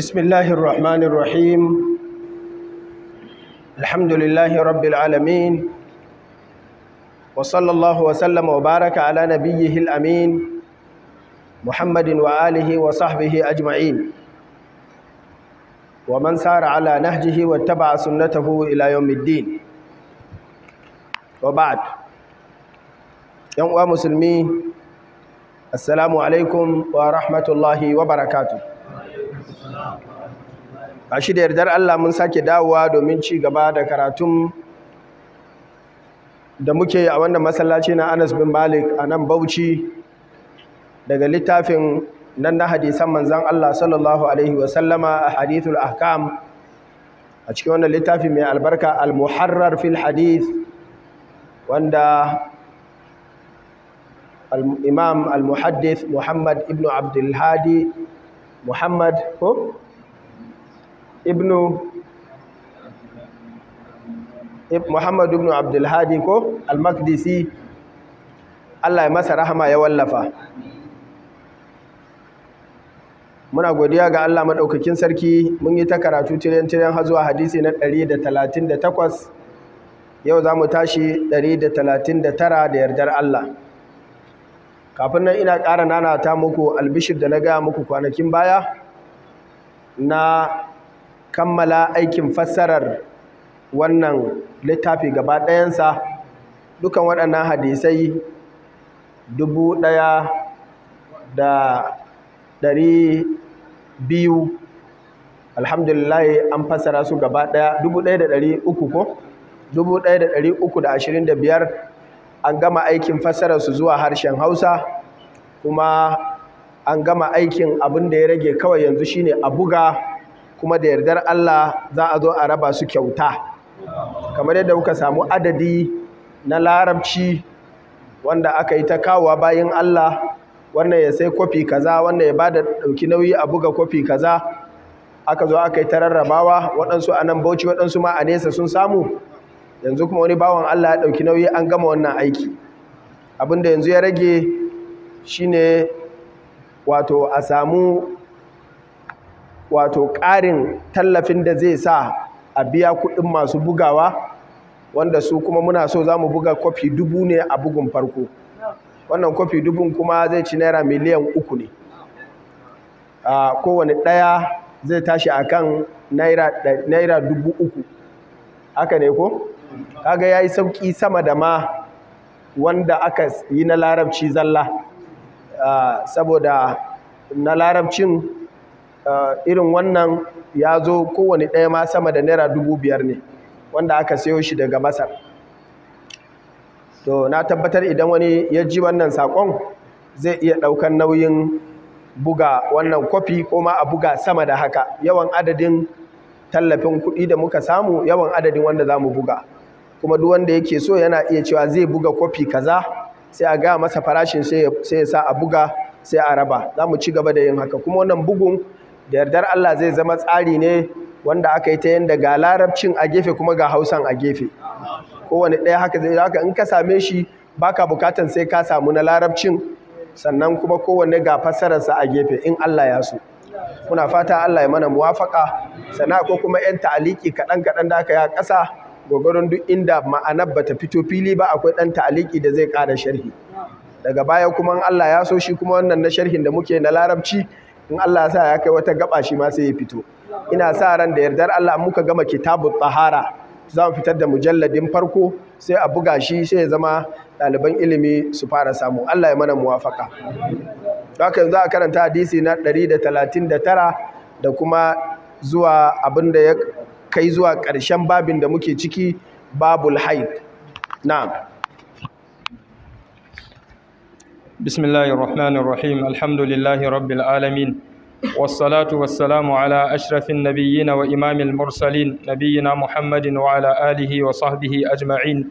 بسم الله الرحمن الرحيم الحمد لله رب العالمين وصلى الله وسلم وبارك على نبيه الأمين محمد وآله وصحبه أجمعين ومن سار على نهجه واتبع سنته إلى يوم الدين وبعد يوم مسلمين السلام عليكم ورحمة الله وبركاته Bashi da yardar Allah mun sake dawowa domin ci gaba da karatun da muke a wannan masallaci na Anas bin Malik a nan Bauchi daga littafin nan na hadisan manzon Allah sallallahu alaihi wa sallama a hadithul ahkam a cikin wannan littafi mai albarka al-muharrar fil hadith wanda al-imam al-muhaddith Muhammad ibn Abdul Hadi muhammad ko ibnu muhammad Abdul abdulhadi ko al maqdisi allah ya masa rahama ya wallafa muna godiya ga Allah maɗaukakin sarki mun yi ta karatu tiren tiren har zuwa hadisi na 138 yau za mu tashi 139 da yardar Allah kafin nan ina ƙara nanata muku albishir da na gaya muku kwanakin baya na kammala aikin fassarar wannan littafi gaba ɗayansa dukan waɗannan hadisai dubu ɗaya da ɗari biyu alhamdulillah an fassara su gaba ɗaya dubu ɗaya da ɗari uku ko dubu ɗaya da ɗari uku da ashirin da biyar an gama aikin su zuwa harshen hausa kuma an gama aikin abin da ya rage kawai yanzu shine a buga kuma da yardar Allah za a zo a raba su kyauta kamar yadda kuka samu adadi na larabci wanda aka yi ta kawowa bayan Allah wannan ya sai kwafi kaza wannan ya bada dauki nauyi a buga kwafi kaza aka zo aka yi ta rarrabawa waɗansu a nan bauchi waɗansu ma a nesa sun samu yanzu kuma wani bawan Allah ya ɗauki nauyi an gama wannan aiki abinda yanzu ya rage shine wato a samu wato ƙarin tallafin da zai sa a biya kuɗin masu bugawa wanda su kuma muna so za mu buga kwafi dubu ne a bugun farko wannan kwafi dubun kuma zai ci naira miliyan uku ne a kowane ɗaya zai tashi a kan naira dubu uku haka ne ko? kaga yayi sauki sama da ma wanda aka yi na larabci zalla ah, saboda na larabcin ah, irin wannan ya zo kowane ɗaya ma sama da naira dubu biyar ne wanda aka sayo shi daga masar to na tabbatar idan wani ya ji wannan saƙon zai iya ɗaukar nauyin buga wannan kwafi ko ma a buga sama da haka yawan adadin tallafin kuɗi da muka samu yawan adadin wanda za mu buga kuma duk wanda yake so yana iya cewa zai buga kofi kaza sai a gaya masa farashin sai ya sa a buga sai a raba za mu ci gaba da yin haka kuma wannan bugun da yardar Allah zai zama tsari ne wanda aka yi ta yanda ga larabcin a gefe kuma ga hausan a gefe kowane ɗaya haka zai haka in ka same shi baka bukatan sai ka samu na larabcin sannan kuma kowanne ga fassararsa a gefe in Allah ya so muna fata Allah ya mana muwafaka sana'a ko kuma 'yan ta'aliki kaɗan-kaɗan da aka yi a ƙasa gwargwadon duk inda ma'anar bata fito fili ba akwai ɗan ta'aliki da zai ƙara sharhi daga baya kuma Allah ya so shi kuma wannan na sharhin da muke na larabci in Allah sa ya kai wata gaba shi ma sai ya fito ina sa ran da yardar Allah muka gama kitabut tahara za mu fitar da mujalladin farko sai a buga shi sai ya zama ɗaliban ilimi su fara samu Allah ya mana muwafaka haka yanzu a karanta hadisi na 139 da kuma zuwa abin da ya kai zuwa ƙarshen babin da muke ciki babul haid na'am bismillahir rahmanir rahim alhamdulillahi rabbil alamin والصلاة والسلام على أشرف النبيين وإمام المرسلين نبينا محمد وعلى آله وصحبه أجمعين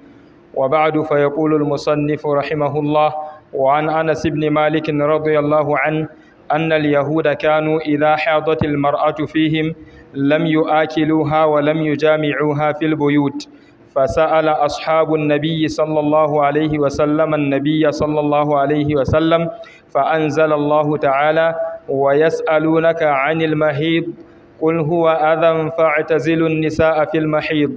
وبعد فيقول المصنف رحمه الله وعن أنس بن مالك رضي الله عنه أن اليهود كانوا إذا حاضت المرأة فيهم لم يؤكلوها ولم يجامعوها في البيوت فسأل أصحاب النبي صلى الله عليه وسلم النبي صلى الله عليه وسلم فأنزل الله تعالى ويسألونك عن المهيض قل هو أذى فاعتزلوا النساء في المحيض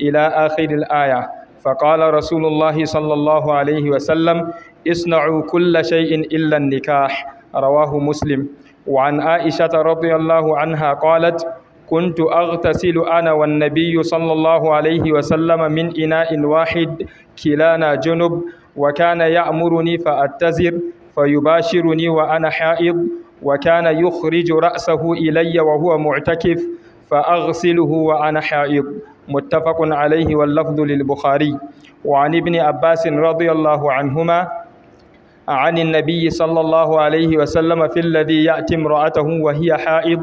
إلى آخر الآية فقال رسول الله صلى الله عليه وسلم اصنعوا كل شيء إلا النكاح رواه مسلم وعن عائشة رضي الله عنها قالت كنت أغتسل أنا والنبي صلى الله عليه وسلم من إناء واحد كلانا جنب وكان يأمرني فأتزر فيباشرني وأنا حائض وكان يخرج رأسه إلي وهو معتكف فأغسله وأنا حائض متفق عليه واللفظ للبخاري وعن ابن عباس رضي الله عنهما عن النبي صلى الله عليه وسلم في الذي يأتي امرأته وهي حائض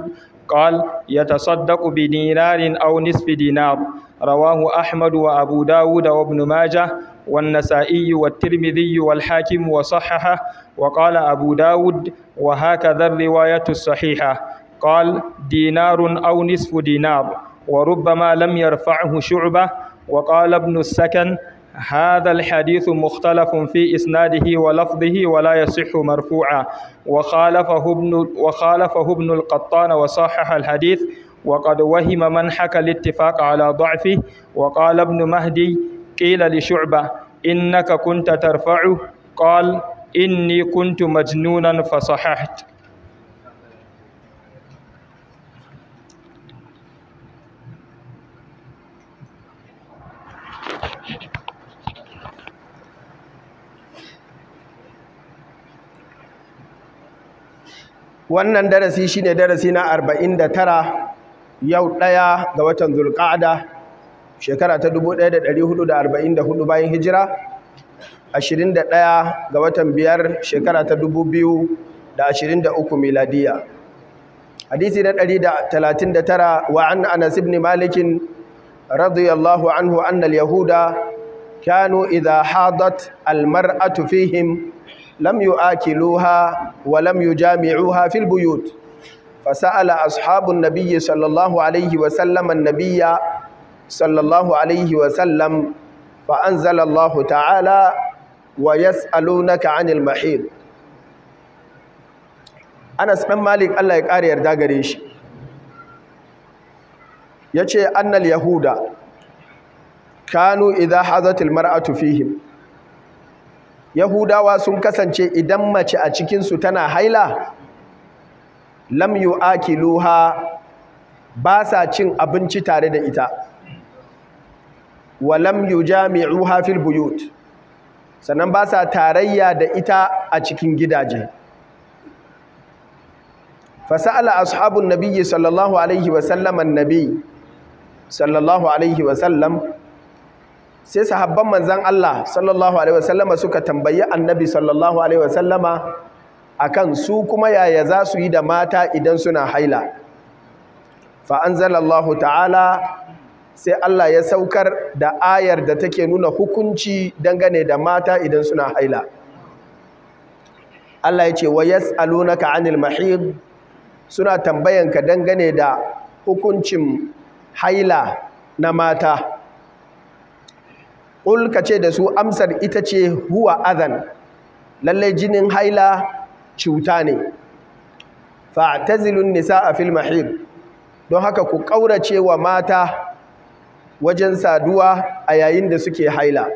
قال يتصدق بدينار أو نصف دينار رواه أحمد وأبو داود وابن ماجه والنسائي والترمذي والحاكم وصححه وقال أبو داود وهكذا الرواية الصحيحة قال دينار أو نصف دينار وربما لم يرفعه شعبة وقال ابن السكن هذا الحديث مختلف في إسناده ولفظه ولا يصح مرفوعا وخالفه ابن وخالفه ابن القطان وصحح الحديث وقد وهم من حكى الاتفاق على ضعفه وقال ابن مهدي قيل لشعبة إنك كنت ترفعه قال إني كنت مجنونا فصححت wannan darasi shine darasi na 49 yau ɗaya ga watan zulqa'ada shekara ta 1444 bayan hijira 21 ga watan biyar shekara ta 2023 miladiya hadisi na 139 wa an anas ibn malikin radiyallahu anhu anna yahuda kanu idha hadat al-mar'atu fihim lam yu'akiluha wa lam yujami'uha fil buyut فسأل أصحاب النبي صلى الله عليه وسلم النبي صلى الله عليه وسلم فأنزل الله تعالى ويسألونك عن المحيط أنس بن مالك الله يقاري يردا غريش يجي أن اليهود كانوا إذا حضت المرأة فيهم yahudawa sun kasance idan mace a cikinsu tana haila lam akiluha ba sa cin abinci tare da ita wa lam jami'u fil buyut sannan ba sa tarayya da ita a cikin gidaje fasa'ala ashabun nabiyyi sallallahu alaihi annabi sallallahu alaihi wa sallam sai sahabban manzan Allah sallallahu alaihi wasallama suka tambayi annabi sallallahu alaihi wasallama akan su kuma yaya za su yi da mata idan suna haila fa anzalallahu ta'ala sai Allah ya saukar da ayar da take nuna hukunci dangane da mata idan suna haila Allah ya ce wa yas'alunaka 'anil mahid suna tambayanka dangane da hukuncin haila na mata ƙul ce da su amsar ita ce huwa azan lallai jinin haila cuta ne fa'tazilun nisa a mahir don haka ku ƙaurace wa mata wajen saduwa a yayin da suke haila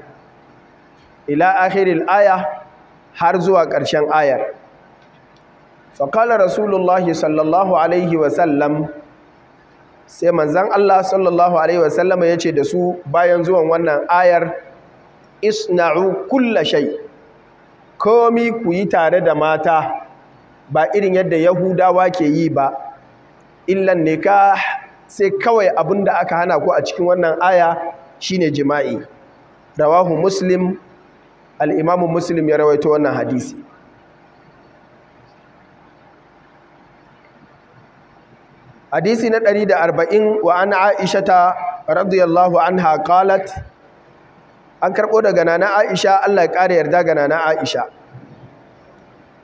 ila akhirin aya har zuwa ƙarshen ayar faƙalar rasulullahi sallallahu alaihi wasallam sai manzan Allah sallallahu alaihi wasallam ya ce da su bayan zuwan wannan ayar isna'u kulla shai, komi ku yi tare da mata ba irin yadda yahudawa ke yi ba illan ka sai kawai abin da aka hana ku a cikin wannan aya shine jima'i rawahu muslim alimamun muslim ya rawaito wannan hadisi hadisi na 140 wa an aishata radiyallahu anha qalat an karbo daga nana aisha Allah ya kare yarda ga nana aisha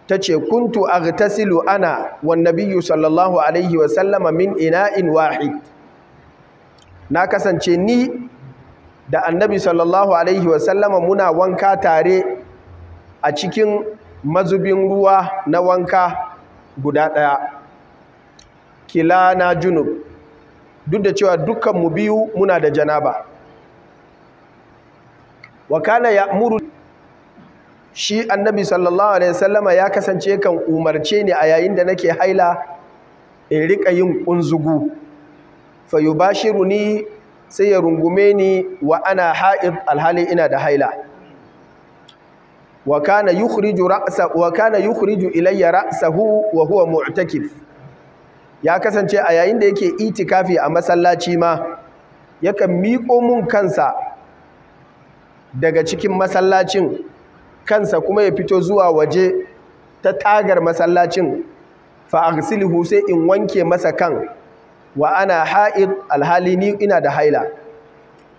tace kuntu aghtasilu ana wan nabiyyu sallallahu alaihi wa sallama min ina'in wahid na kasance ni da annabi sallallahu alaihi wa sallama muna wanka tare a cikin mazubin ruwa na wanka guda ɗaya Kila na junub duk da cewa dukkan mu biyu muna da janaba wa kana muru shi annabi sallallahu alaihi wasallama ya kasance kan umarce ni a yayin da nake haila in rika yin kunzugu fa yubashiruni sai ya rungume ni wa ana ha'id alhali ina da haila wa kana yukhriju ra'sa wa kana yukhriju ilayya ra'sahu wa huwa mu'takif ya kasance a yayin da yake itikafi a masallaci ma yakan miƙo mun kansa daga cikin masallacin kansa kuma ya fito zuwa waje ta tagar masallacin fa aghsilhu sai in wanke masa kan wa ana ha'id alhali ni ina da haila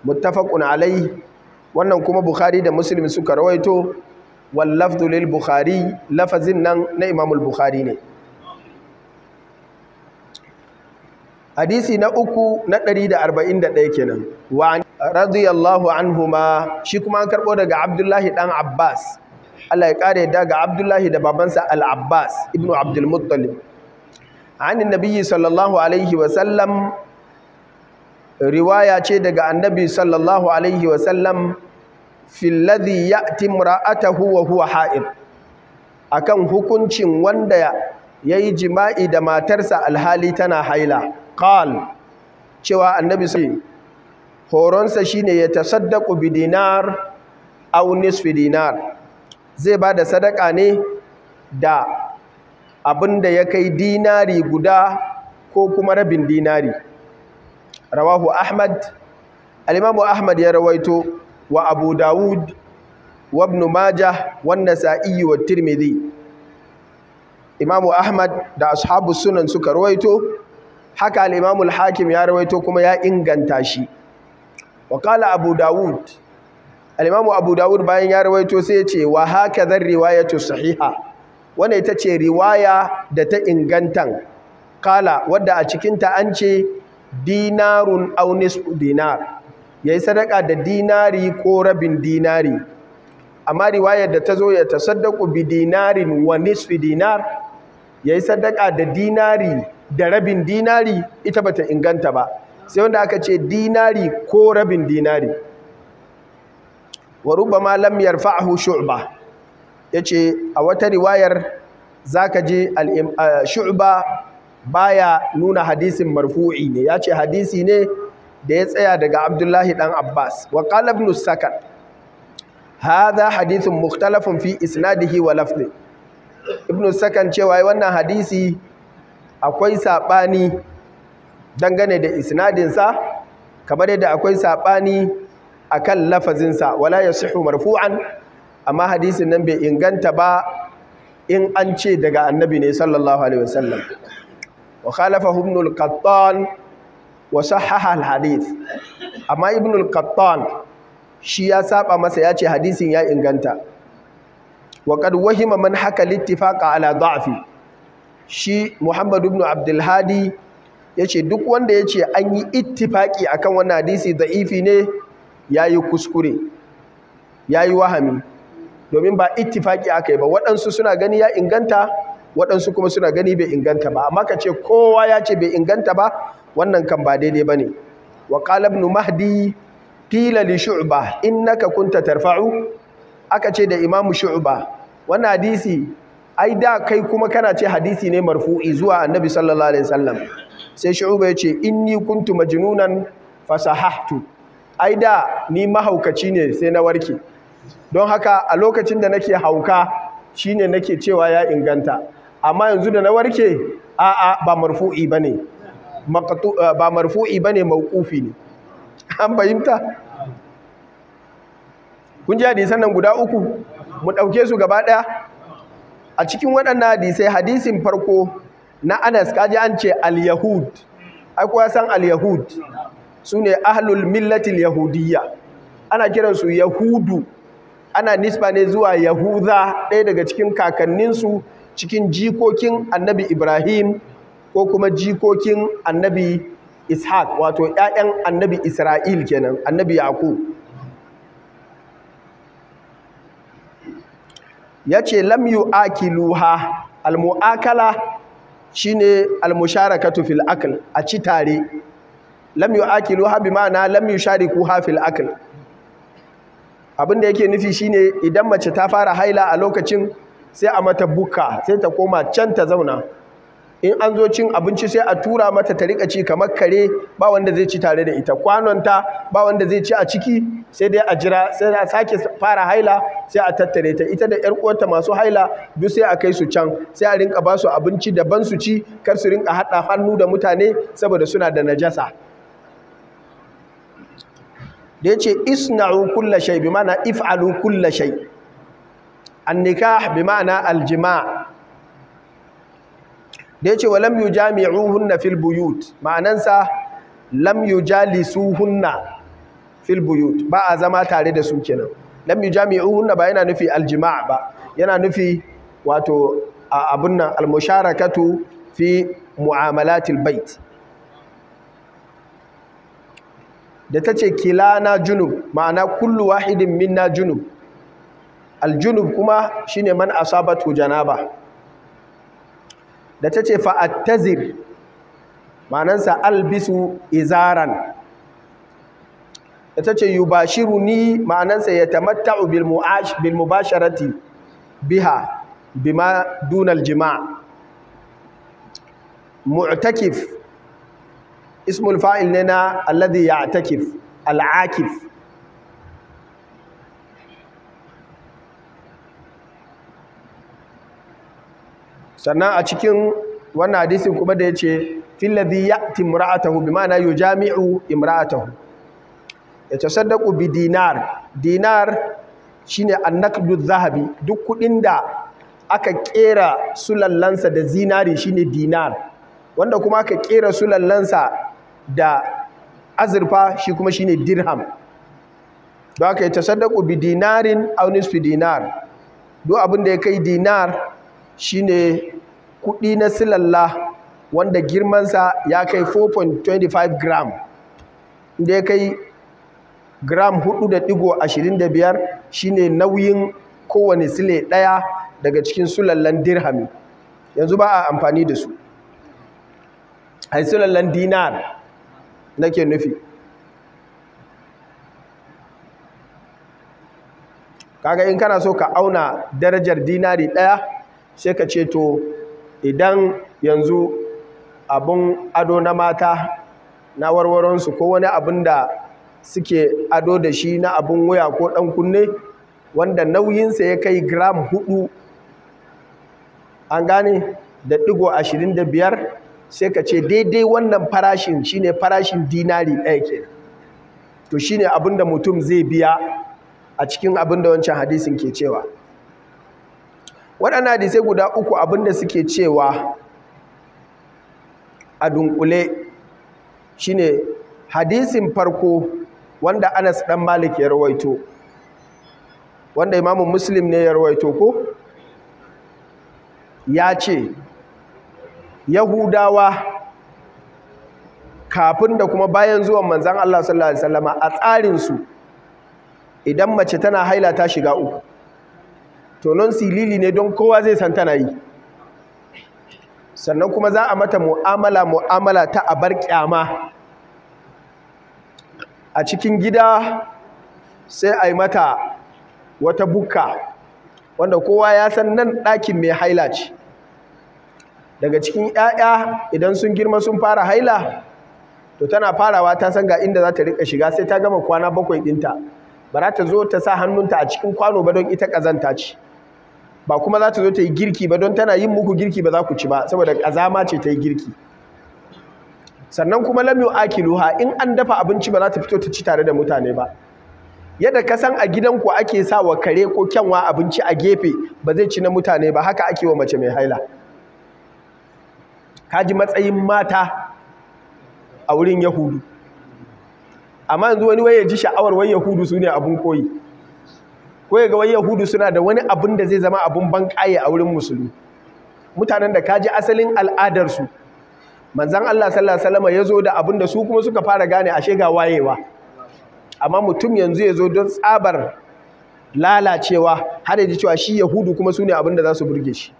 muttafaqun Alai, wannan kuma bukhari da muslim suka rawaito wal lafdhu bukhari lafazin nan na imamul bukhari ne hadisi na uku na ɗari da da arba'in ɗaya kenan wa radiyallahu anhuma shi kuma an karɓo daga Abdullahi ɗan Abbas Allah ya yadda ga Abdullahi da babansa Al-Abbas ibn Abdul Muttalib an annabi sallallahu alaihi wa sallam riwaya ce daga annabi sallallahu alaihi wa sallam ya ladhi ya'ti wa huwa ha'id akan hukuncin wanda ya yi jima'i da matarsa alhali tana haila qal cewa annabi sai horonsa shine ya tasaddaqu bi dinar aw nisfi dinar zai bada sadaka ne da abinda ya kai dinari guda ko kuma rabin dinari rawahu ahmad al-imamu ahmad ya rawaito wa abu dawud wa ibn majah wa wa tirmidhi imamu ahmad da ashabu sunan suka rawaito haka Alimamul hakim ya rawaito kuma ya inganta shi wa kala abu dawud al’imamu abu dawud bayan ya rawaito sai ce wa haka zan riwayatu sahiha wane ita ce riwaya da ta ingantan kala wadda a cikinta an ce dinarun aunis dinar, ya yi sadaka da dinari ko rabin dinari amma riwayar da ta zo ya ta saddaku bi dinarin wa nisfi dinar ya yi sadaka da dinari da rabin dinari ita bata inganta ba sai wanda aka ce dinari ko rabin dinari wa rubama lam yarfa'hu shu'ba yace a wata riwayar zaka je shu'ba baya nuna hadisin marfu'i ne yace hadisi ne da ya tsaya daga Abdullahi dan Abbas wa qala ibn Sakat hadha hadithun mukhtalafun fi isnadihi wa lafzi ibn Sakan cewa wannan hadisi akwai saɓani dangane da isnadinsa kamar yadda akwai saɓani a kan lafazinsa wala ya sihu marfu'an amma hadisin nan bai inganta ba in an ce daga annabi ne sallallahu alaihi wasallam wa khalafa ibn al-qattan wa sahaha al-hadith amma ibn al shi ya saba masa ya ce hadisin ya inganta wa qad wahima man haka littifaqa ala da'fi shi Muhammadu ibn Abdulhadi ya ce duk wanda ya ce an yi ittifaki akan wannan hadisi da'ifi ne ya yi kuskure ya yi wahami domin ba ittifaki yi ba waɗansu suna gani ya inganta waɗansu kuma suna gani bai inganta ba amma ka ce kowa ya ce bai inganta ba wannan kan ba daidai ne wa qala ibn mahdi qila li shu'ba naka kunta tarfa'u aka ce da imamu shu'ba wannan hadisi ai da kai kuma kana ce hadisi ne marfu'i zuwa annabi sallallahu alaihi wasallam sai shu'uba ya ce inni kuntu majnunan fasahahtu ai da ni mahaukaci ne sai na warke don haka a lokacin da nake hauka shine nake cewa ya inganta amma yanzu da na warke a a ba marfu'i bane maqtu eh, ba marfu'i bane mauqufi ne an bayyanta kun ji hadisan nan guda uku mu dauke su gaba daya a cikin waɗannan hadisai hadisin farko na Anas kaji an ce al-yahud ai kuwa san al-yahud sune ahlul millatil yahudiyya ana kiransu yahudu ana nisba ne zuwa yahuda ɗaya daga cikin kakanninsu cikin jikokin annabi ibrahim ko kuma jikokin annabi ishaq wato 'ya'yan annabi isra'il kenan annabi yaku Ya yace lam yuakiluha almuakala shi shine almusharakatu fil akl a ci tare lam yuakiluha bi ma'ana lam yusharikuha fil akl abin da yake nufi shi ne idan mace ta fara haila a lokacin sai a mata buka sai ta koma can ta zauna in an zo cin abinci sai a tura mata ta riƙa ci kamar kare ba wanda zai ci tare da ita kwanonta ba wanda zai ci a ciki sai dai a jira sai a sake fara haila sai a tattare ta ita da ƴar uwarta masu haila duk sai a kai su can sai a rinka ba su abinci daban su ci kar su rinka haɗa hannu da mutane saboda suna da najasa da yace isna'u kulla shay bi ma'ana if'alu kulla shay an nikah bi ma'ana al jima' da ya ce wa lam jami'u fil buyut ma'anansa lam hunna fil buyut ba a zama tare da su kenan lam hunna ba yana nufi aljima'a ba yana nufi wato a abun nan almusharakatu fi mu'amalatil bait da ta tace na junub ma'ana kullu wahidin minna junub aljunub kuma shine man asabatu janaba da ta ce fa'attazir manansa albisu izaran da ta ce yubashiru ni ma'anansa ya tamatta'u bil mubasharati biha bima dunal jima'a mu'takif ismul fa'il ne na alladhi ya'takif al'akif sannan a cikin wannan hadisin kuma da ya ce, ladhi ya'ti imra'atahu bima'ana yujami'u imra'atahu ya tasaddaqu bi dinar dinar shine annakdu zahabi duk kudin da aka kera sulallansa da zinari shine dinar wanda kuma aka kera sulallansa da azurfa shi kuma shine dirham don ya tasaddaqu bi dinarin aw nisfi dinar duk abin da ya kai dinar shine kudi na silalla wanda girmansa ya kai 4.25 gram inda ya kai gram 4.25 shine nauyin kowane sile daya daga cikin sulallan dirhami yanzu ba a amfani da su ai sulallan dinar nake nufi kaga in kana so ka auna darajar dinari ɗaya sai ka ce to idan yanzu abun ado na mata na warwaronsu ko wani abin da suke ado da shi na abin waya ko ɗan kunne wanda nauyinsa ya kai gram hudu an gane da ɗigo ashirin da biyar sai ka ce daidai wannan farashin shine farashin dinari ɗaya ke to shine abin da mutum zai biya a cikin abin da wancan hadisin ke cewa waɗannan hadisai guda uku abinda suke cewa a dunkule shine hadisin farko wanda Anas ɗan Malik ya rawaito wanda Imam Muslim ne ya rawaito ko ya ce Yahudawa kafin da kuma bayan zuwan manzan Allah sallallahu alaihi wasallama a tsarinsu idan mace tana haila ta shiga uku tonon silili ne don kowa zai san tana yi sannan kuma za a mata mu'amala mu'amala ta abar kyama a cikin gida sai a yi mata wata bukka wanda kowa ya san nan ɗakin mai haila ce daga cikin 'ya'ya idan sun girma sun fara haila to tana farawa ta san ga inda za ta riƙa shiga sai ta gama kwana bakwai ɗinta ba za ta zo ta sa hannunta a cikin kwano ba don ita ƙazanta ce ba kuma za ta zo ta yi girki ba don tana yin muku girki ba za ku ci ba saboda ƙazama ce ta yi girki sannan kuma lam yu'akiluha in an dafa abinci ba za ta fito ta ci tare da mutane ba yadda ka san a ku ake sa wa kare ko kyanwa abinci a gefe ba zai ci na mutane ba haka ake wa mace mai haila Ka ji matsayin mata a wurin yahudu amma yanzu wani wai ya ji sha'awar wai yahudu su ne abin koyi ko ga wani yahudu suna da wani abin da zai zama abin bankaye a wurin musulmi mutanen da kaji asalin al'adarsu manzan Allah sallallahu alaihi wasallam ya zo da abin da su kuma suka fara gane a ga wayewa amma mutum yanzu ya zo don tsabar lalacewa har da cewa shi yahudu kuma sune ne abin da za su burge shi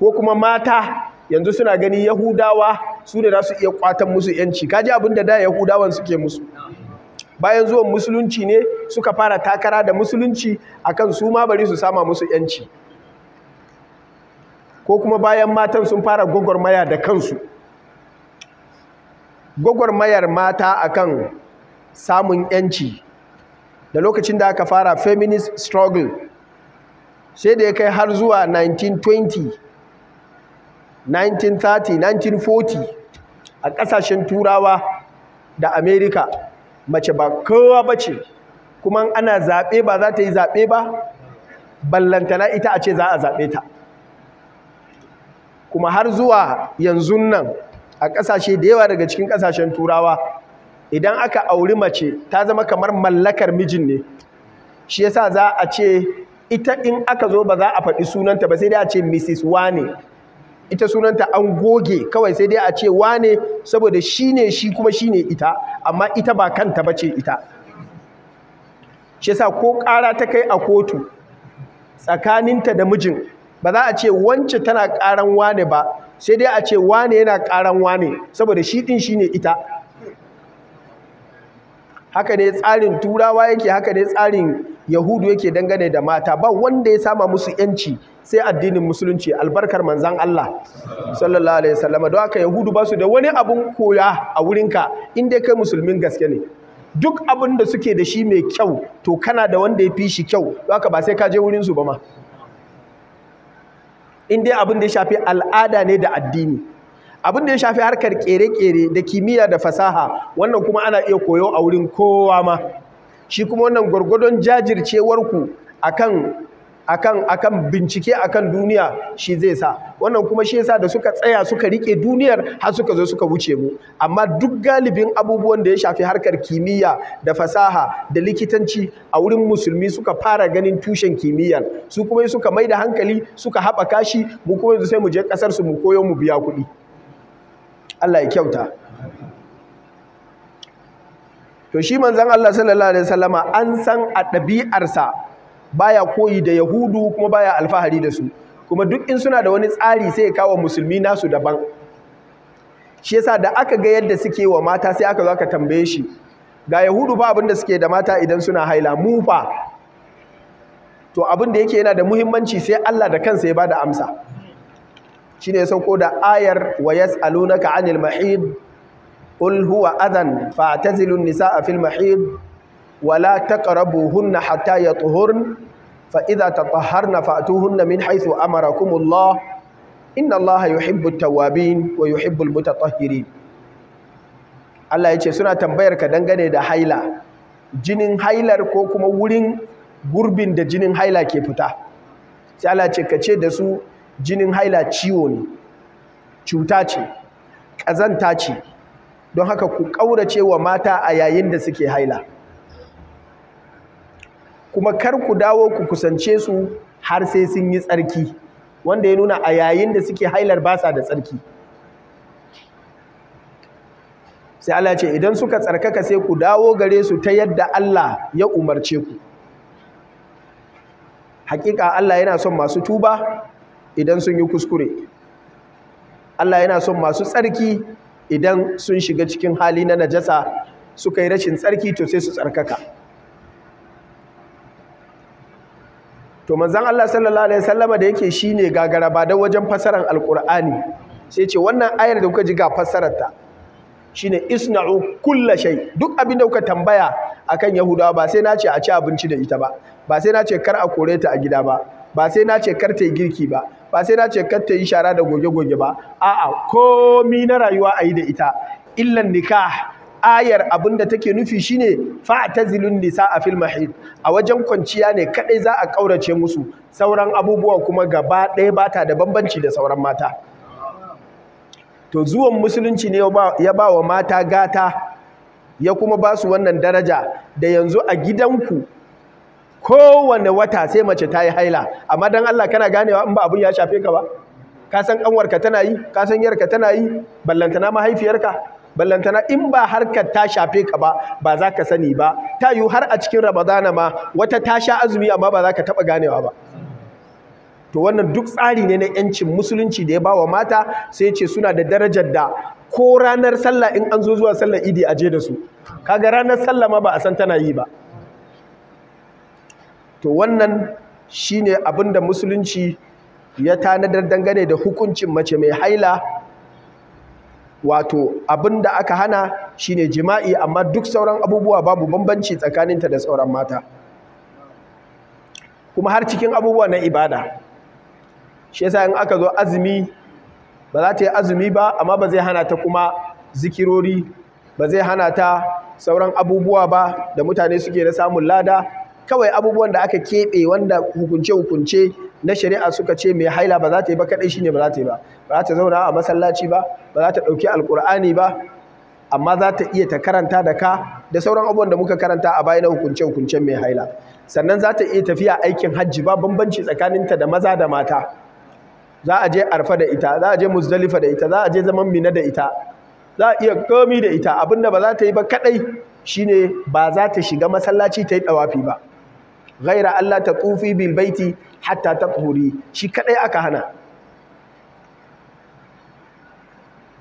ko kuma mata yanzu suna gani yahudawa su ne za su iya kwatan musu yanci kaji abin da da yahudawan suke musu bayan zuwan musulunci ne suka fara takara da musulunci akan su ma bari su sama musu yanci ko kuma bayan matan sun fara gwagwarmaya da kansu gwagwarmayar mata akan samun yanci da lokacin da aka fara feminist struggle sai da ya kai har zuwa 1920 1930 1940 a ƙasashen turawa da Amerika. mace ba kowa ba ce kuma ana zaɓe ba za ta yi zaɓe ba ballantana ita a ce za a zaɓe ta kuma har zuwa yanzu nan a ƙasashe da yawa daga cikin ƙasashen turawa idan aka auri mace ta zama kamar mallakar mijin ne shi yasa za a ce ita in aka zo ba za a faɗi sunanta ba sai dai a ce mrs wane ita sunanta an goge kawai sai dai a ce wane saboda shi ne shi kuma shi ne ita amma ita ba kanta ba ce ita shi yasa ko kara ta kai a kotu tsakaninta da mijin ba za a ce wance tana ƙaran wane ba sai dai a ce wane yana ƙaran wane saboda shi ɗin shi ne ita haka ne tsarin turawa yake haka ne tsarin yahudu yake dangane da mata ba wanda ya sama musu yanci sai addinin musulunci albarkar manzan Allah sallallahu alaihi wasallam don haka yahudu ba su da wani abun koya a wurinka in dai kai musulmin gaske ne duk abin da suke da shi mai kyau to kana da wanda ya fi shi kyau don haka ba sai ka je wurin su ba ma in dai abin da ya shafi al'ada ne da addini abin da ya shafi harkar ƙere kere da kimiyya da fasaha wannan kuma ana iya koyo a wurin kowa ma shi kuma wannan gwargwadon jajircewar ku akan akan bincike akan duniya shi zai sa wannan kuma shi yasa da suka tsaya suka rike duniyar har suka zo suka wuce mu amma duk galibin abubuwan da ya shafi harkar kimiyya da fasaha da likitanci a wurin musulmi suka fara ganin tushen kimiyyar su kuma suka mai da hankali suka haɓaka shi mu kuma yanzu sai mu je ƙasarsu, mu koyo mu biya kuɗi Allah ya kyauta to shi manzan Allah sallallahu alaihi wasallama an san a ɗabi'arsa baya koyi da yahudu kuma baya alfahari da su kuma duk in suna da wani tsari sai ya kawo musulmi nasu daban shi yasa da aka ga yadda suke wa mata sai aka zo aka tambaye shi ga yahudu ba abinda suke da mata idan suna haila mu fa to abin da yake yana da muhimmanci sai Allah da kansa ya bada amsa shine ya sauko da ayar wa yas'alunaka 'anil mahid قل هو أذن فاعتزلوا النساء في المحيض ولا تقربوهن حتى يطهرن فإذا تطهرن فأتوهن من حيث أمركم الله إن الله يحب التوابين ويحب المتطهرين Allah ya ce suna tambayar ka dangane da haila jinin hailar ko kuma wurin gurbin da jinin haila ke fita sai Allah ce ka ce da su jinin haila ciwo ne cuta ce ƙazanta ce don haka ku ƙaurace wa mata a yayin da suke haila kuma kar ku dawo ku kusance su har sai sun yi tsarki wanda ya nuna a yayin da suke hailar ba sa da tsarki sai Allah ce idan suka tsarkaka sai ku dawo gare su ta yadda Allah ya umarce ku hakika Allah yana son masu tuba idan sun yi kuskure Allah yana son masu tsarki idan sun shiga cikin hali na najasa suka yi rashin tsarki to sai su tsarkaka to manzon Allah sallallahu alaihi sallama da yake shine gagara ba da wajen fasaran alqur'ani sai ce wannan ayar da kuka ji ga fasarar ta shine isna'u kulla shai. duk abin da kuka tambaya akan yahudawa ba sai na ce a ci abinci da ita ba ba sai na ce kar a kore ta a gida ba ba sai na ce kar ta yi girki ba ba sai na ce kar ta yi shara da goge-goge ba a'a komi na rayuwa a yi da ita illan nikah ayar abin da take nufi shine fa zilun nisa a fil mahid a wajen kwanciya ne kadai za a kaurace musu sauran abubuwa kuma gaba ɗaya bata da bambanci da sauran mata to zuwan musulunci ne ya ba wa mata gata ya kuma ba su wannan daraja da yanzu a gidanku kowane wata sai mace ta yi haila amma don Allah kana ganewa in ba abun ya shafe ka ba ka san kanwarka tana yi ka san yarka tana yi ballantana mahaifiyarka ballantana in ba harkar ta shafe ka ba ba za ka sani ba ta yiwu har a cikin ramadana ma wata ta sha azumi amma ba za ka taɓa ganewa ba to wannan duk tsari ne na yancin musulunci da ya ba wa mata sai ce suna da darajar da ko ranar sallah in an zo zuwa sallar idi a je da su kaga ranar sallah ma ba a san tana yi ba to wannan shi ne abin da musulunci ya tanadar dangane da hukuncin mace mai haila wato abin da aka hana shi ne jima'i amma duk sauran abubuwa babu bambanci tsakaninta da sauran mata kuma har cikin abubuwa na ibada shi yasa in aka zo azumi ba za ta yi azumi ba amma ba zai hana ta kuma zikirori ba zai hana ta sauran abubuwa ba da mutane suke na samun lada kawai abubuwan da aka keɓe wanda hukunce-hukunce na shari'a suka ce mai haila ba za ta yi ba kaɗai shine ba za ta yi ba ba za ta zauna a masallaci ba ba za ta ɗauki alƙur'ani ba amma za ta iya ta karanta da ka da sauran abubuwan da muka karanta a baya na hukunce-hukuncen mai haila sannan za ta iya tafiya aikin hajji ba bambanci tsakaninta da maza da mata za a je arfa da ita za a je muzdalifa da ita za a je zaman mina da ita za a iya komi da ita abinda ba za ta yi ba kaɗai shine ba za ta shiga masallaci ta yi ɗawafi ba Gaira Allah ta tsufi bil baiti hatta tathuri shi kaɗai aka hana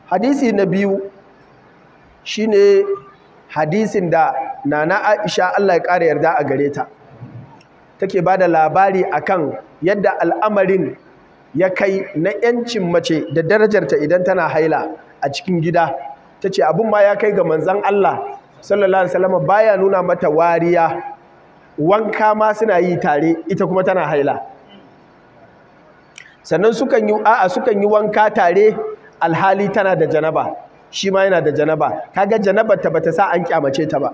hadisi na biyu shine hadisin da nana Aisha Allah ya ƙara yarda a gare ta take da labari akan yadda al'amarin ya kai na yancin mace da darajarta idan tana haila a cikin gida tace abun ma ya kai ga manzon Allah sallallahu alaihi wasallam baya nuna mata wariya wanka ma suna yi tare ita kuma tana haila sannan sukan yi a'a sukan yi wanka tare alhali tana da janaba shi ma yana da janaba kaga janabar ta bata sa an kyamace ta ba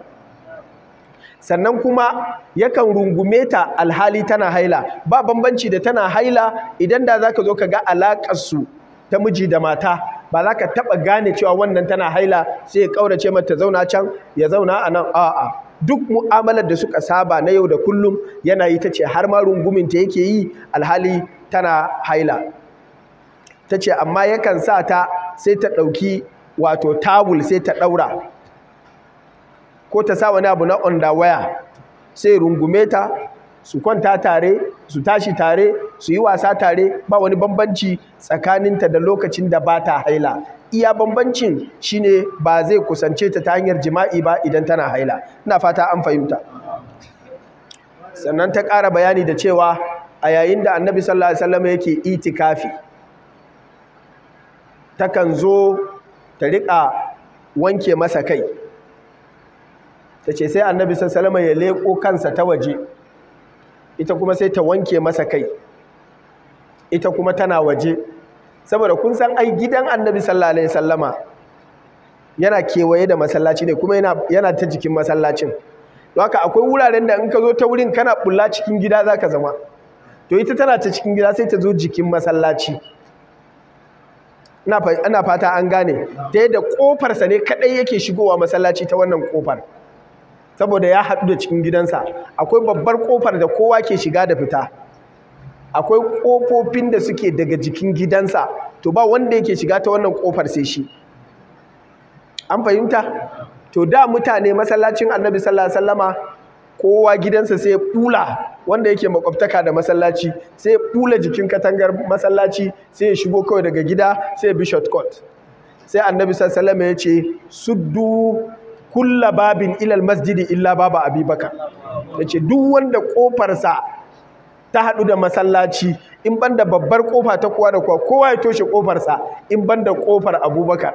sannan kuma yakan rungume ta alhali tana haila ba bambanci da tana haila idan da zaka zo ka ga alakar su ta miji da mata ba za ka taba gane cewa wannan tana haila sai ya ƙaurace mata zauna can ya zauna a nan a'a duk mu'amalar da suka saba na yau da kullum yana yi ta ce har ma rungumin ta yake yi alhali tana haila ta ce amma yakan sa ta sai ta ɗauki wato tawul sai ta ɗaura ko ta sa wani abu na underwear sai rungume ta su kwanta tare su tashi tare su yi wasa tare ba wani bambanci tsakaninta da lokacin da ba ta haila iya bambancin shine ba zai kusance ta ta hanyar jima'i ba idan tana haila ina fata an fahimta sannan ta ƙara bayani da cewa a yayin da annabi sallallahu alaihi wasallam yake itikafi takan zo ta riƙa wanke masa kai ta ce sai annabi sallallahu ya leƙo kansa ta waje ita kuma sai ta wanke masa kai ita kuma tana waje saboda kun san ai gidan annabi sallallahu alaihi wasallama yana kewaye da masallaci ne kuma yana ta jikin masallacin don haka akwai wuraren da in ka zo ta wurin kana bulla cikin gida zaka zama to ita tana ta cikin gida sai ta zo jikin masallaci ina fata an gane ta yadda kofarsa ne kaɗai yake shigowa masallaci ta wannan kofar saboda ya haɗu da cikin gidansa akwai babbar kofar da kowa ke shiga da fita akwai ƙofofin da suke daga jikin gidansa to ba wanda yake shiga ta wannan ƙofar sai shi an fahimta to da mutane masallacin annabi sallallahu alaihi wasallama kowa gidansa sai bula wanda yake makwabtaka da masallaci sai bula jikin katangar masallaci sai ya shigo kawai daga gida sai bi shortcut sai annabi sallallahu alaihi wasallama ya ce suddu kulla babin ilal masjidi illa baba abubakar ya ce duk wanda ƙofarsa ta haɗu da masallaci in banda babbar kofa ta kowa da kowa kowa ya toshe kofarsa in banda kofar abubakar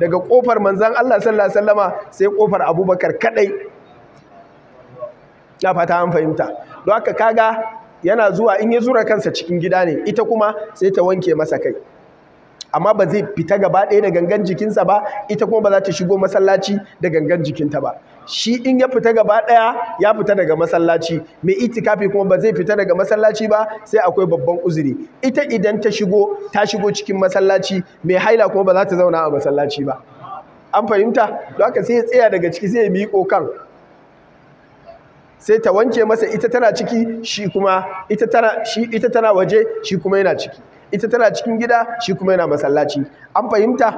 daga kofar manzan Allah sallallahu alaihi sai kofar abubakar kadai ya fata an fahimta don haka kaga yana zuwa in ya zura kansa cikin gida ne ita kuma sai ta wanke masa kai amma ba zai fita gaba ɗaya da gangan jikinsa ba ita kuma ba za ta shigo masallaci da gangan jikinta ba shi in ya fita gaba ɗaya ya fita daga masallaci mai itikafi kuma ba zai fita daga masallaci ba sai akwai babban uzuri ita idan ta shigo ta shigo cikin masallaci mai haila kuma ba za ta zauna a masallaci ba an fahimta don haka sai ya tsaya daga ciki sai ya miƙo kan sai ta wanke masa ita tana ciki shi kuma ita tana shi ita tana waje shi kuma yana ciki ita tana cikin gida shi kuma yana masallaci an fahimta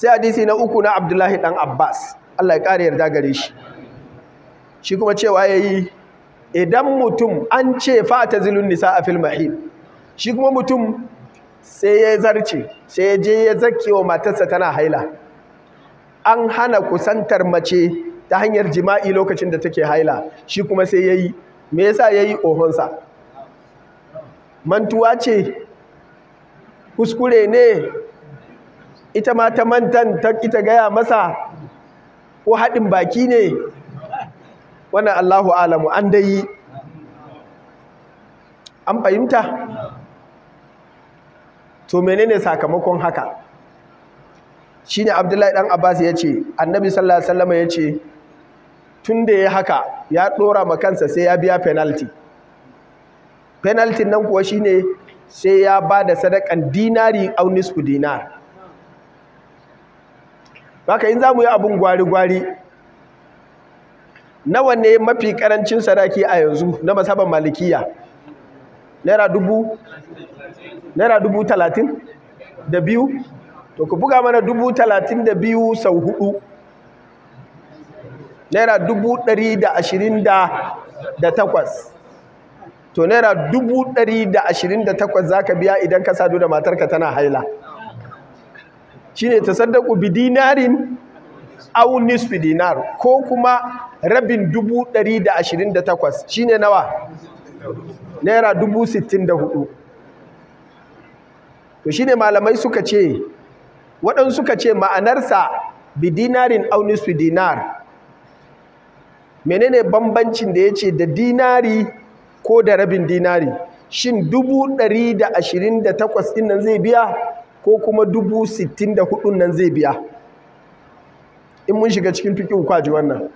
sai hadisi na uku na abdullahi dan abbas allah ya ƙara yarda gare shi shi kuma cewa ya yi idan mutum an ce fata zilun nisa a filmahil shi kuma mutum sai ya zarce sai ya je ya zake wa matarsa tana haila an hana kusantar mace ta hanyar jima'i lokacin da take haila shi kuma sai ya yi me yasa ya yi ohonsa mantuwa ce kuskure ne ita ma ta mantan ta ita gaya masa ko haɗin baki ne wannan Allahu alamu an dai an fahimta to menene sakamakon haka shine Abdullahi dan Abbas ce Annabi sallallahu alaihi wasallam tun da yayi haka ya dora ma kansa sai ya biya penalty penalty nan kuwa shine sai ya ba da sadakan dinari au nisfu dinar haka in za mu yi abun gwari-gwari nawa ne mafi karancin sadaki a yanzu na masaban malikiya naira dubu naira dubu talatin da biyu to ku buga mana dubu talatin da biyu sau hudu naira dubu dari da ashirin da takwas to naira dubu dari da ashirin da takwas za ka biya idan ka sadu da matarka tana haila shine tasaddaqu bi dinarin aw nisfi dinar ko kuma rabin 128 shine nawa naira 64 to shine malamai suka ce waɗansu suka ce ma'anarsa bi dinarin aw nisfi dinar menene bambancin da yace da dinari ko da rabin dinari shin 128 takwas nan zai biya ko kuma dubu sittin da hudun nan zai biya in mun shiga cikin fikin kwaji wannan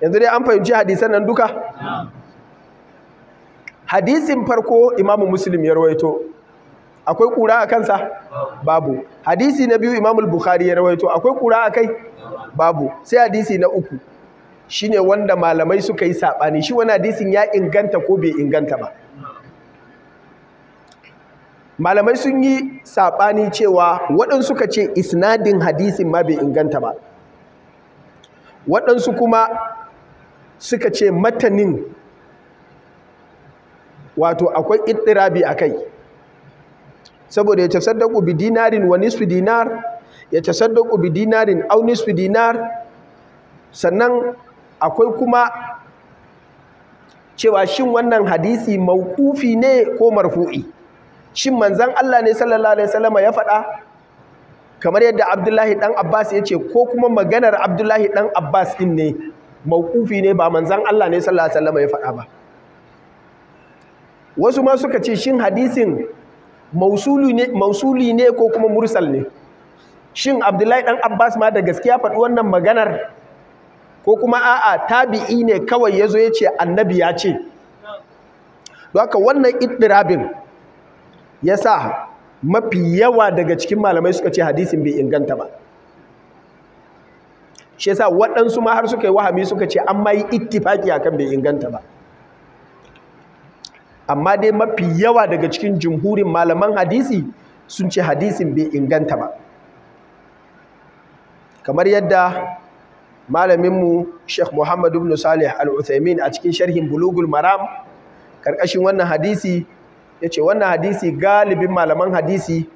yanzu dai an fahimci hadisan nan duka hadisin farko imamu muslim ya rawaito akwai kura a kansa babu hadisi na biyu imamu bukhari ya rawaito akwai kura a kai babu sai hadisi na uku shine wanda malamai suka yi saɓani shi wani hadisin ya inganta ko bai inganta ba malamai sun yi saɓani cewa waɗansu suka ce isnadin hadisin ma bai inganta ba waɗansu kuma suka ce matanin wato akwai itirabi a kai saboda ya tasaddaku bi dinarin wa nisfi dinar ya tasaddaku bi dinarin au nisfi dinar sannan akwai kuma cewa shin wannan hadisi maukufi ne ko marfu'i shin manzon Allah ne sallallahu alaihi wasallam ya faɗa kamar yadda Abdullahi dan Abbas ya ce ko kuma maganar Abdullahi dan Abbas din ne mauqufi ne ba manzon Allah ne sallallahu alaihi wasallam ya faɗa ba wasu ma suka ce shin hadisin mausuli ne mausuli ne ko kuma mursal ne shin Abdullahi dan Abbas ma da gaskiya faɗi wannan maganar ko kuma a'a tabi'i ne kawai yazo ya ce annabi ya ce don haka wannan iddirabin Ya sa mafi yawa daga cikin malamai suka ce hadisin bai inganta ba shi yasa waɗansu ma har suka yi wahami suka ce an ma yi ittifaki akan bai inganta ba amma dai mafi yawa daga cikin jumhurin malaman hadisi sun ce hadisin bai inganta ba kamar yadda malaminmu Sheikh Muhammadu ibn Salih Al-Uthaymin a cikin sharhin Bulugul Maram ƙarƙashin wannan hadisi ya ce wannan hadisi galibin malaman hadisi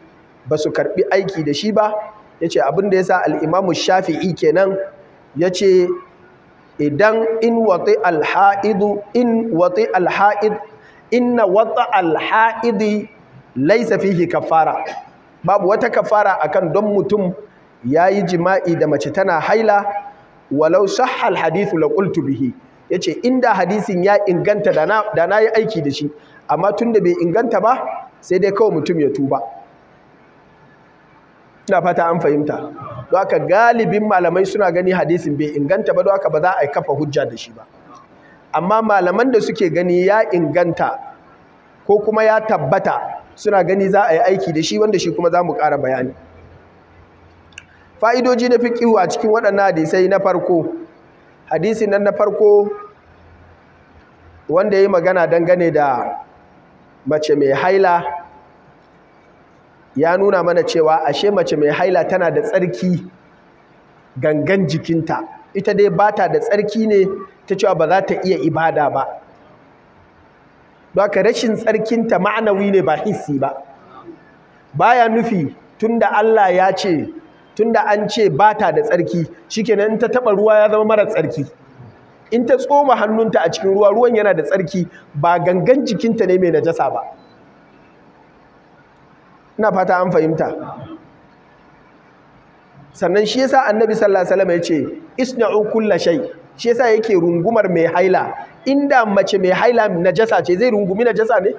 ba su karɓi aiki da shi ba ya ce abinda ya sa al'imamu shafi'i kenan ya ce idan in wata alha'idu in wata alha'id inna wata alha’idu laisa fihi kafara babu wata kafara akan don mutum ya yi jima'i da mace tana haila walau sahha hadithu la qultu bihi yace inda hadisin ya inganta da na yi aiki da shi amma tun da bai inganta ba sai dai kawai mutum ya tuba ina fata an fahimta don haka galibin malamai suna gani hadisin bai inganta ba don haka ba za a kafa hujja da shi ba amma malaman da suke gani ya inganta ko kuma ya tabbata suna gani za a yi aiki da shi wanda shi kuma za mu ƙara bayani fa'idoji na fi fiƙihu a cikin waɗannan hadisai na farko hadisin nan na farko wanda ya yi magana dangane da mace mai haila ya nuna mana cewa ashe mace mai haila tana da tsarki gangan jikinta ita dai ba ta da tsarki ne ta cewa ba za ta iya ibada ba don rashin tsarkinta ma'anawi ne ba hissi ba baya nufi tun da Allah ya ce tun da an ce ba ta da tsarki shi in ta taɓa ruwa ya zama mara tsarki in ta tsoma hannunta a cikin ruwa ruwan yana da tsarki ba gangan jikinta ne mai najasa ba ina fata an fahimta sannan shi yasa annabi sallallahu alaihi wasallam yace isna'u kulla shay shi yasa yake rungumar mai haila inda mace mai haila najasa ce zai rungumi najasa ne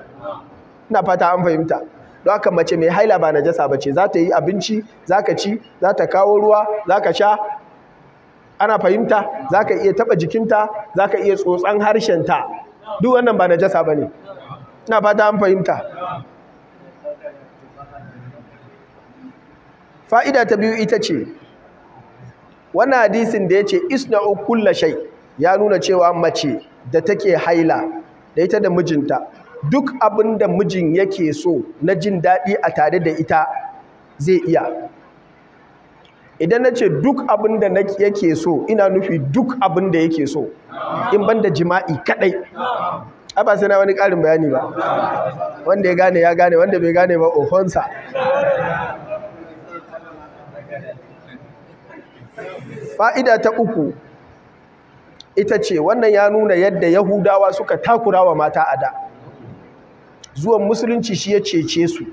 ina fata an fahimta don haka mace mai haila ba najasa ce. za ta yi abinci za ka ci za ta kawo ruwa za ka sha ana fahimta za ka iya taba jikinta za ka iya tsotsan harshenta duk wannan ba na jasa ba ne ina fata an fahimta fa'ida ta biyu ita ce wannan hadisin da ya ce isna kulla shai ya nuna cewa mace da take haila da ita da mijinta duk abin da mijin yake so na jin daɗi a tare da ita zai iya idan na ce duk abin da yake so ina nufi duk abin da yake so in ban da jima'i kadai a sai na wani ƙarin bayani ba wanda ya gane ya gane wanda bai gane ba ofonsa fa'ida ta uku ita ce wannan ya nuna yadda yahudawa suka takura wa mata a da zuwan musulunci shi ya cece su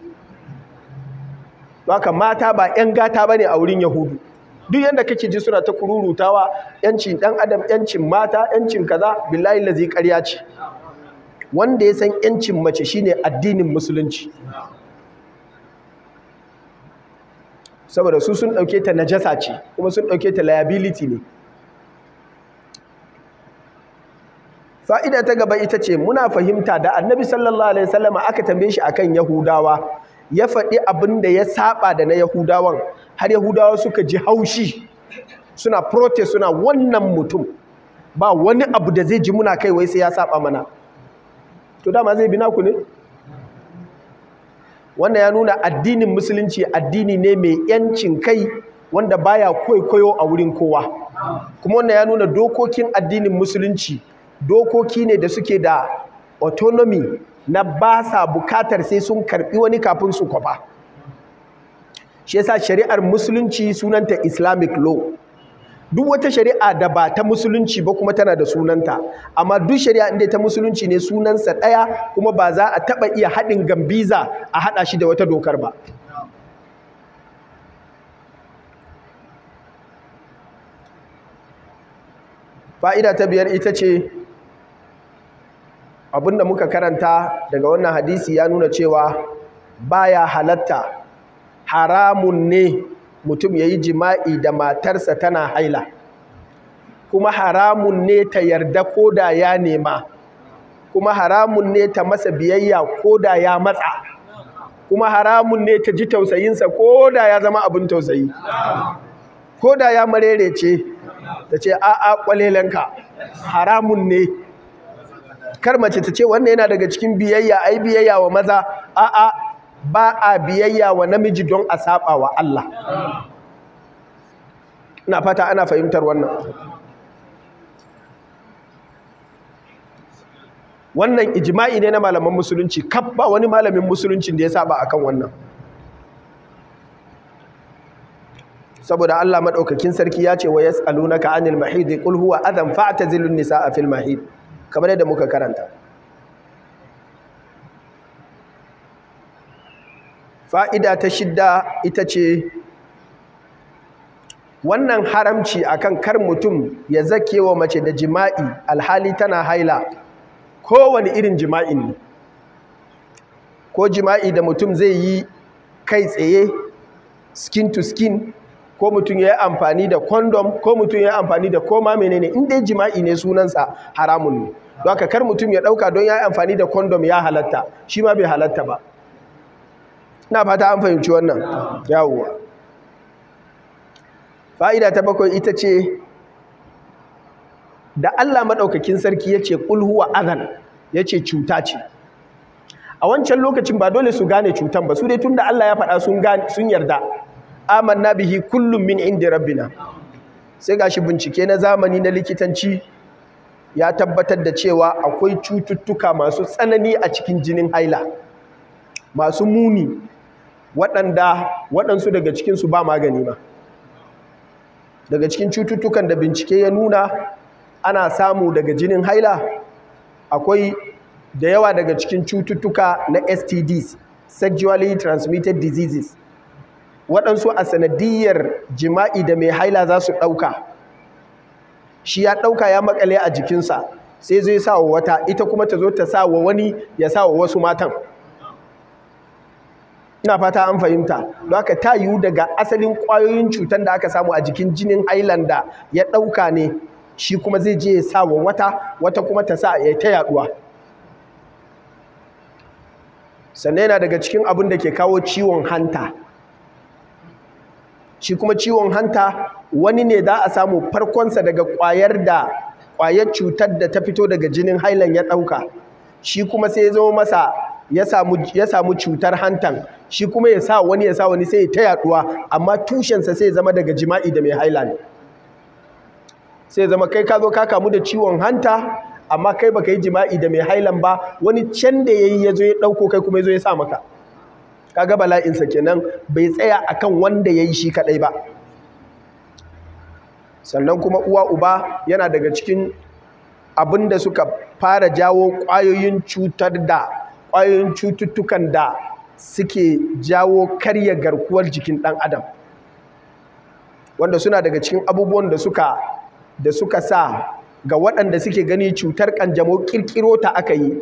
baka mata ba yan gata ba ne a wurin yahudu duk yanda kake ji suna ta kururutawa yancin ɗan adam yancin mata yancin kaza billahi lazi ƙarya ce wanda ya san yancin mace shine addinin musulunci saboda su sun dauke ta najasa ce kuma sun ɗauke ta liability ne fa'ida ta gaba ita ce muna fahimta da annabi sallallahu alaihi wasallam aka tambaye shi akan yahudawa ya faɗi abin da ya saba da na yahudawan har yahudawa suka ji haushi suna protest suna wannan mutum ba wani abu da zai ji muna kai wai sai ya saba mana to dama zai bi naku ne wannan ya nuna addinin musulunci addini ne mai yancin kai wanda baya kwaikwayo a wurin kowa kuma wannan ya nuna dokokin addinin musulunci dokoki ne da suke da autonomy na ba sa bukatar sai sun karbi wani kafin su kwafa shi yasa shari'ar musulunci sunanta islamic law duk wata shari'a da ba ta musulunci ba kuma tana da sunanta amma duk shari'a inda ta musulunci ne sunansa ɗaya kuma ba za a taɓa iya haɗin gambiza a haɗa shi da wata dokar ba fa'ida ta biyar ita ce da muka karanta daga wannan hadisi ya nuna cewa baya halatta haramun ne mutum ya yi jima'i da matarsa tana haila kuma haramun ne ta yarda ko da ya nema kuma haramun ne ta masa biyayya ko da ya matsa kuma haramun ne ta ji tausayinsa ko da ya zama abin tausayi ko da ya marerece ta ce a'a kwalelenka haramun ne kar mace ta ce wannan yana daga cikin biyayya ai biyayya wa maza a'a ba a biyayya wa namiji don a saba wa Allah ina fata ana fahimtar wannan wannan ijma'i ne na malaman musulunci kaf ba wani malamin musulunci da ya saba akan wannan saboda Allah madaukakin sarki ya ce wa yas'alunaka anil mahid qul huwa adam fa'tazilun nisaa fil mahid kamar yadda muka karanta fa'ida ta shidda ita ce wannan haramci akan kar mutum ya zake wa mace da jima'i alhali tana haila kowane irin jima'i ne ko jima'i da mutum zai yi kai tsaye skin to skin ko mutum ya yi amfani da kondom ko mutum ya yi amfani da koma menene in dai jima'i ne sunansa haramun ne don haka kar mutum ya ɗauka don ya yi amfani da kondom ya halatta shi ma bai halatta ba ina fata an fahimci wannan yawuwa fa'ida ta bakwai ita ce da Allah maɗaukakin sarki ya ce ƙulhuwa azan ya ce cuta ce a wancan lokacin ba dole su gane cutan ba su dai tun da Allah ya faɗa sun yarda amanna bihi kullum min inda rabbina sai gashi bincike na zamani na likitanci ya tabbatar da cewa akwai cututtuka masu tsanani a cikin jinin haila masu muni waɗanda waɗansu daga cikinsu ba magani ma daga cikin cututtukan da bincike ya nuna ana samu daga jinin haila akwai da yawa daga cikin cututtuka na STDs sexually transmitted diseases waɗansu a sanadiyar jima'i da mai haila za su ɗauka shi ya ɗauka ya makale a jikinsa sai zai sa wa wata ita kuma ta zo ta sa wa wani ya sa wa wasu matan ina fata an fahimta don ka ta yiwu daga asalin ƙwayoyin cutar da aka samu a jikin jinin ailanda ya ɗauka ne shi kuma zai je ya sa wa wata wata kuma ta sa ya ta yaɗuwa sannan yana daga cikin abin da ke kawo ciwon hanta shi kuma ciwon hanta wani ne za a samu farkonsa daga ƙwayar da ƙwayar cutar da ta fito daga jinin hailan ya ɗauka shi kuma sai ya zama masa ya samu cutar hantan shi kuma ya sa wani ya sa wani sai ta yaduwa amma tushensa sai zama daga jima'i da mai haila ne sai zama kai ka zo ka kamu da ciwon hanta amma kai baka yi jima'i da mai hailan ba wani can da ya yi ya zo ya ɗauko kai kuma ya zo ya sa maka kaga bala'insa kenan bai tsaya akan wanda ya yi shi kadai ba sannan kuma uwa uba yana daga cikin abin da suka fara jawo ƙwayoyin cutar da ƙwayoyin cututtukan da suke jawo karya garkuwar jikin ɗan adam wanda suna daga cikin abubuwan da suka da suka sa ga waɗanda suke gani cutar ƙanjamau ƙirƙiro aka yi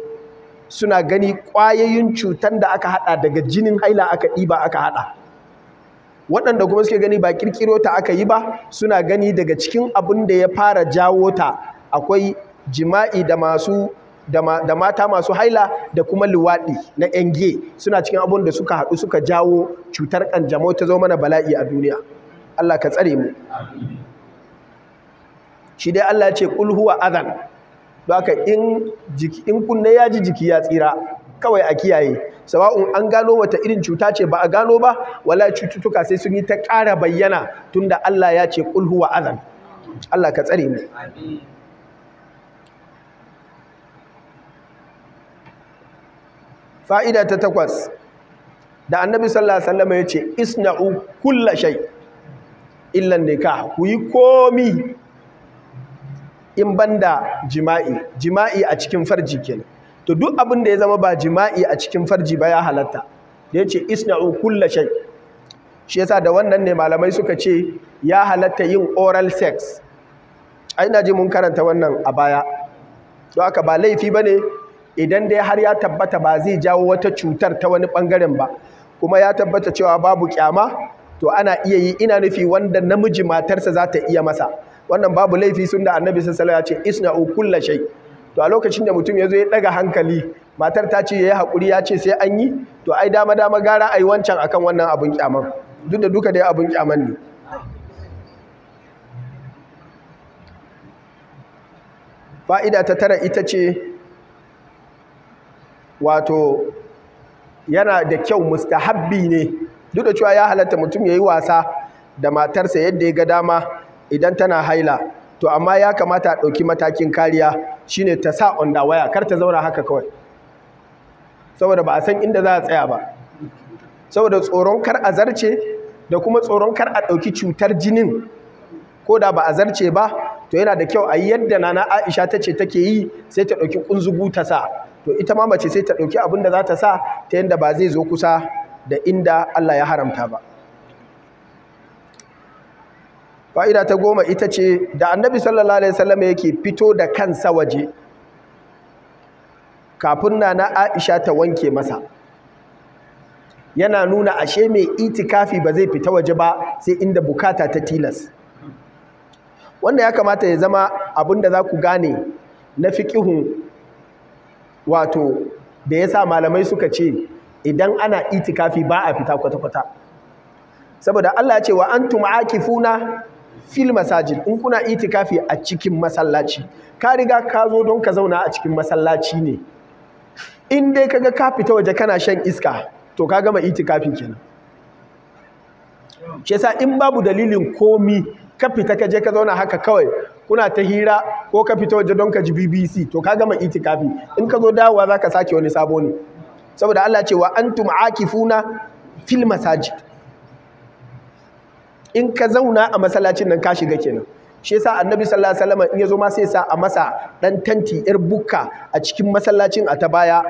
suna gani ƙwayoyin cutar da aka haɗa daga jinin haila aka ɗiba aka haɗa waɗanda kuma suke gani ba ƙirƙiro ta aka yi ba suna gani daga cikin abin da ya fara jawo ta akwai jima'i da masu da mata masu haila da kuma luwaɗi na yange suna cikin abin da suka haɗu suka jawo cutar ƙanjamau ta zo mana bala'i a duniya Allah ka tsare mu shi dai Allah ce ƙulhuwa azan. haka in in kunne ya ji jiki ya tsira kawai a kiyaye sawa'un an gano wata irin cuta ce ba a gano ba wala cututtuka sai sun yi ta ƙara bayyana tunda Allah ya ce qul huwa azan Allah ka tsare mu fa'ida ta takwas da annabi sallallahu alaihi wasallam ya ce isna'u kulla illan nikah ku yi komi in banda jima'i jima'i a cikin farji kenan to duk abin da ya zama ba jima'i a cikin farji ba ya halatta da yace isna'u kulla shay shi yasa da wannan ne malamai suka ce ya halatta yin oral sex ai na ji mun karanta wannan a baya to haka ba laifi ba ne idan dai har ya tabbata ba zai jawo wata cutar ta wani bangaren ba kuma ya tabbata cewa babu kyama to ana iya yi ina nufi wanda namiji matarsa za ta iya masa wannan babu laifi sun da annabi sun ya ce isna'u kulla shai. to a lokacin da mutum ya zo ya ɗaga hankali matar ta ce ya yi hakuri ya ce sai an yi to ai dama dama gara yi wancan a kan wannan abin ƙyaman. duk da duka dai abin ƙyaman ne fa'ida ta tara ita ce wato yana da kyau mustahabbi ne duk da cewa ya halatta mutum ya yi wasa da matarsa yadda ya ga dama idan tana haila to amma ya kamata a ɗauki matakin kariya shine ta sa onda waya kar ta zauna haka kawai saboda ba a san inda za a tsaya ba saboda tsoron kar a zarce da kuma tsoron kar a ɗauki cutar jinin ko da ba a zarce ba to yana da kyau a yi yadda nana aisha ta ce take yi sai ta ɗauki ƙunzugu ta sa to ita ma mace sai ta ɗauki abin da za ta sa ta yadda ba zai zo kusa da inda allah ya haramta ba fa'ida ta goma ita ce da annabi sallallahu alaihi wasallam yake fito da kansa waje kafin na Aisha ta wanke masa yana nuna ashe mai itikafi ba zai fita waje ba sai inda bukata ta tilas wanda ya kamata ya zama abin da za ku gane na fiƙihun wato da ya sa malamai suka ce idan ana itikafi ba a fita kwata-kwata saboda Allah ce wa an antum funa. fil masajid in kuna itikafi a cikin masallaci ka riga ka zo don ka zauna a cikin masallaci ne in dai kaga ka fita waje kana shan iska to ka gama itikafin kenan shi yasa in babu dalilin komi ka fita ka je ka zauna haka kawai kuna ta hira ko ka fita waje don ka ji BBC to ka gama itikafi in ka zo dawowa zaka sake wani sabo ne saboda Allah ce wa antum aakifuna fil masajid in ka zauna a masallacin nan ka shiga kenan shi yasa annabi sallallahu alaihi wasallam in yazo ma sai sa a masa dan tanti yar bukka a cikin masallacin a ta baya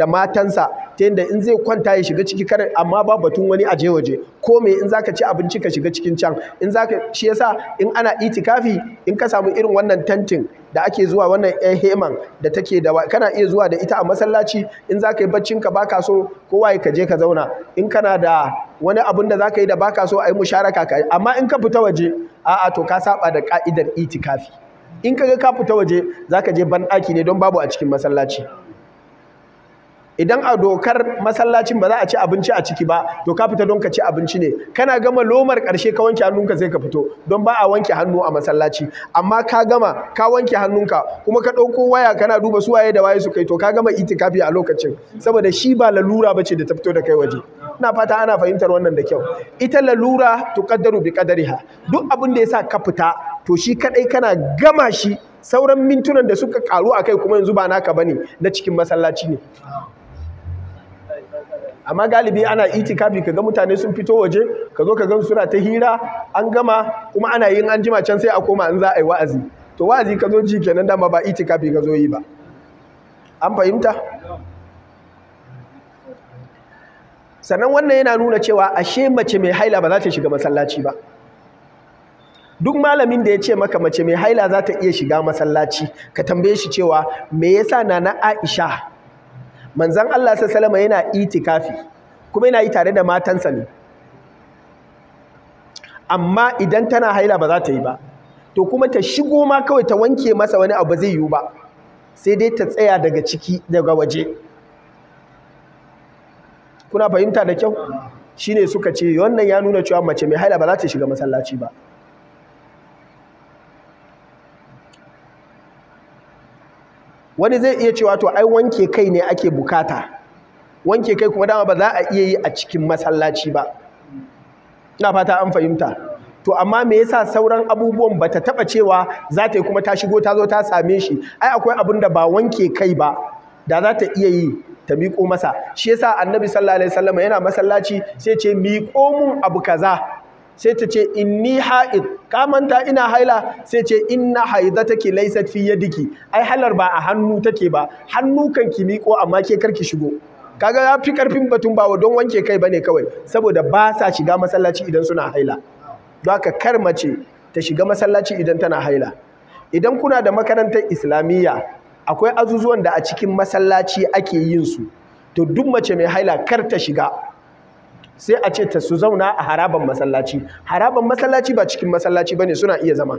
da matansa ta yadda in zai kwanta ya shiga ciki kar amma ba batun wani je waje ko me in zaka ci abinci ka shiga cikin can in zaka shi yasa in ana itikafi in ka samu irin wannan tantin da ake zuwa wannan yan heman da take da kana iya zuwa da ita a masallaci in zaka yi baccin ka baka so kowa ya kaje ka zauna in kana da wani abun da zaka yi da baka so a yi musharaka ka amma in ka fita waje a'a to ka saba da ka'idar itikafi in ka ga ka fita waje zaka je ban daki ne don babu a cikin masallaci idan a dokar masallacin ba za a ci abinci a ciki ba to ka fita don ka ci abinci ne kana gama lomar karshe ka wanke hannunka sai ka fito don ba a wanke hannu a masallaci amma ka gama ka wanke hannunka kuma ka ɗauko waya kana duba su waye da waye su kai to ka gama itikafi a lokacin saboda shi ba lalura bace da ta fito da kai waje na fata ana fahimtar wannan da kyau ita lalura kaddaru bi kadariha duk abin da yasa ka fita to shi kadai kana gama shi sauran mintunan da suka karu a kai kuma yanzu ba naka bane na cikin masallaci ne amma galibi ana itikafi kaga mutane sun fito waje ka zo ka gan suna ta hira an gama kuma ana yin an jima can sai a koma in za a yi wa'azi to wa'azi ka zo ji kenan dama ba itikafi ka zo yi ba an fahimta sannan wannan yana nuna cewa ashe mace mai haila ba za ta shiga masallaci ba duk malamin da ya ce maka mace mai haila za ta iya shiga masallaci ka tambaye shi cewa me yasa nana Aisha manzon Allah sallallahu yana itikafi kuma yana yi tare da matansa ne amma idan tana haila ba za ta yi ba to kuma ta shigo ma kawai ta wanke masa wani abu zai yiwu ba sai dai ta tsaya daga ciki daga waje kuna fahimta da kyau ne suka ce wannan ya nuna cewa mace mai haila ba za ta shiga masallaci ba wani zai iya cewa to ai wanke kai ne ake bukata wanke kai kuma dama ba za a iya yi a cikin masallaci ba ina fata an fahimta to amma me yasa sauran abubuwan bata taba cewa za ta yi kuma ta shigo ta zo ta same shi ai akwai abin da ba wanke kai ba da za ta iya yi ta miƙo masa shi yasa annabi sallallahu alaihi wasallam yana masallaci sai ce miƙo mun abu kaza sai ta ce inni ha'id ka manta ina haila sai ce inna haidataki laysat fi yadiki ai halar ba a hannu take ba hannu kan ki miƙo amma ke karki shigo kaga ya fi karfin batun bawa don wanke kai bane kawai saboda ba sa shiga masallaci idan suna haila don haka kar mace ta shiga masallaci idan tana haila idan kuna da makarantar islamiyya akwai azuzuwan da a cikin masallaci ake yin su to duk mace mai haila kar ta shiga sai a ce ta su zauna a haraban masallaci haraban masallaci ba cikin masallaci bane suna iya zama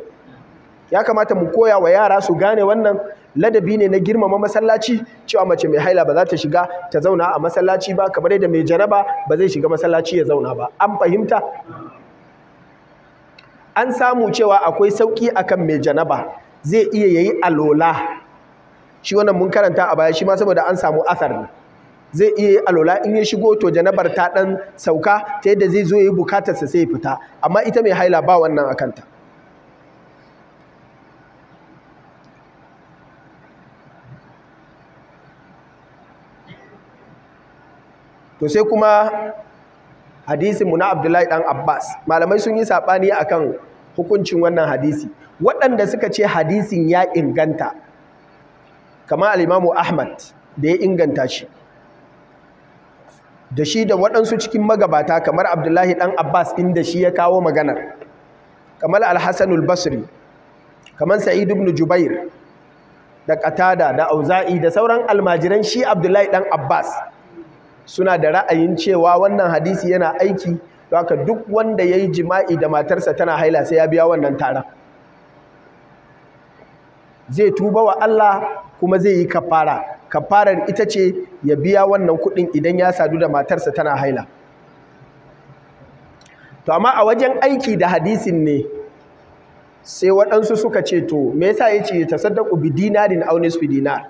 ya kamata mu koya wa yara su gane wannan ladabi ne na girmama masallaci cewa mace mai haila ba za ta shiga ta zauna a masallaci ba kamar yadda mai jaraba ba zai shiga masallaci ya zauna ba an fahimta an samu cewa akwai sauki akan mai janaba zai iya yayi alola shi wannan mun karanta a baya shi ma saboda an samu asar ne zai iya yi alola in ya shigo to janabar ta dan sauka ta yadda zai zo ya yi bukatarsa sai ya fita amma ita mai haila ba wannan a kanta to sai kuma hadisinmu na abdullahi dan abbas malamai sun yi saɓani akan hukuncin wannan hadisi waɗanda suka ce hadisin ya inganta kama al'imamu ahmad da ya inganta shi da shi da waɗansu cikin magabata kamar abdullahi ɗan abbas inda shi ya kawo maganar kamar alhassanul basri kamar Sa'idu ibn jubair da katada da auza'i da sauran almajiran shi abdullahi ɗan abbas suna da ra'ayin cewa wannan hadisi yana aiki don haka duk wanda ya yi jima'i da matarsa tana haila sai ya biya wannan taron zai tuba wa Allah kuma zai yi kafara kafarar ita ce ya biya wannan kuɗin idan ya sadu da matarsa tana haila to amma a wajen aiki da hadisin ne sai waɗansu suka ce to me yasa yace tasaddaqu bi dinarin aw nisfi dinar